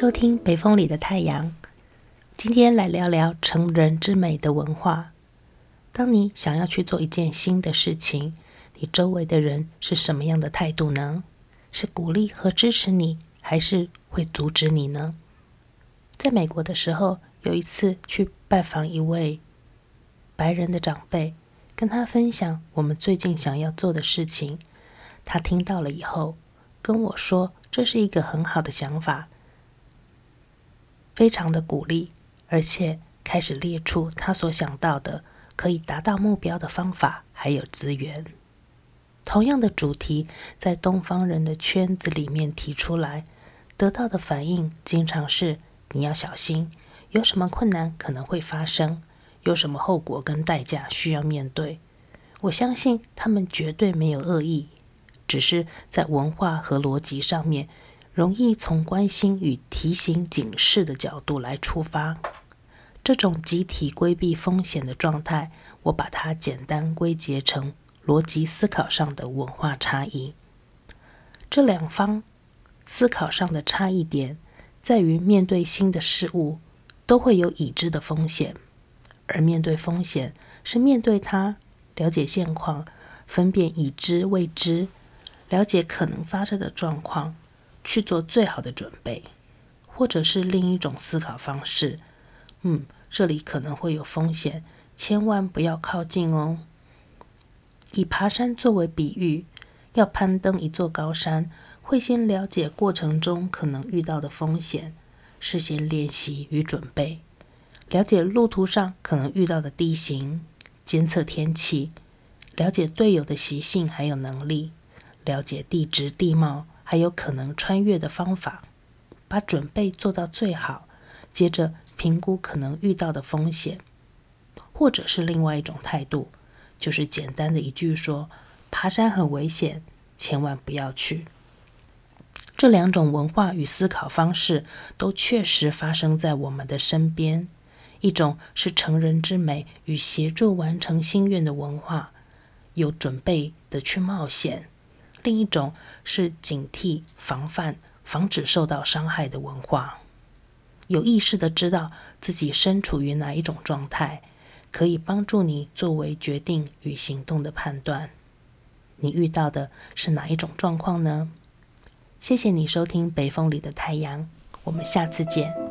收聽北風裡的太陽。今天來聊聊成人之美的文化。當你想要去做一件新的事情，你周圍的人是什麼樣的態度呢？是鼓勵和支持你，還是會阻止你呢？在美國的時候，有一次去拜訪一位白人的長輩，跟他分享我們最近想要做的事情。他聽到了以後，跟我說這是一個很好的想法。非常的鼓勵，而且開始列出他所想到的、可以達到目標的方法，還有資源。同樣的主題在東方人的圈子裡面提出來，得到的反應經常是：你要小心，有什麼困難可能會發生，有什麼後果跟代價需要面對。我相信他們絕對沒有惡意，只是在文化和邏輯上面。容易從關心與提醒、警示的角度來出發，這種集體規避風險的狀態，我把它簡單歸結成邏輯思考上的文化差異。這兩方思考上的差異點，在於面對新的事物都會有已知的風險，而面對風險是面對它，了解現況，分辨已知未知，了解可能發生的狀況。去做最好的準備，或者是另一種思考方式。嗯，這裡可能會有風險，千萬不要靠近哦。以爬山作為比喻，要攀登一座高山，會先了解過程中可能遇到的風險，事先練習與準備，了解路途上可能遇到的地形，監測天氣，了解隊友的習性還有能力，了解地質地貌。還有可能穿越的方法，把準備做到最好，接着評估可能遇到的風險，或者是另外一種態度，就是簡單的一句說：“爬山很危險，千萬不要去。”這兩種文化與思考方式都確實發生在我們的身邊。一種是成人之美與協助完成心願的文化，有準備的去冒險。另一種是警惕、防範、防止受到傷害的文化，有意識的知道自己身處於哪一種狀態，可以幫助你作為決定與行動的判斷。你遇到的是哪一種狀況呢？謝謝你收聽《北風裡的太陽》，我們下次見。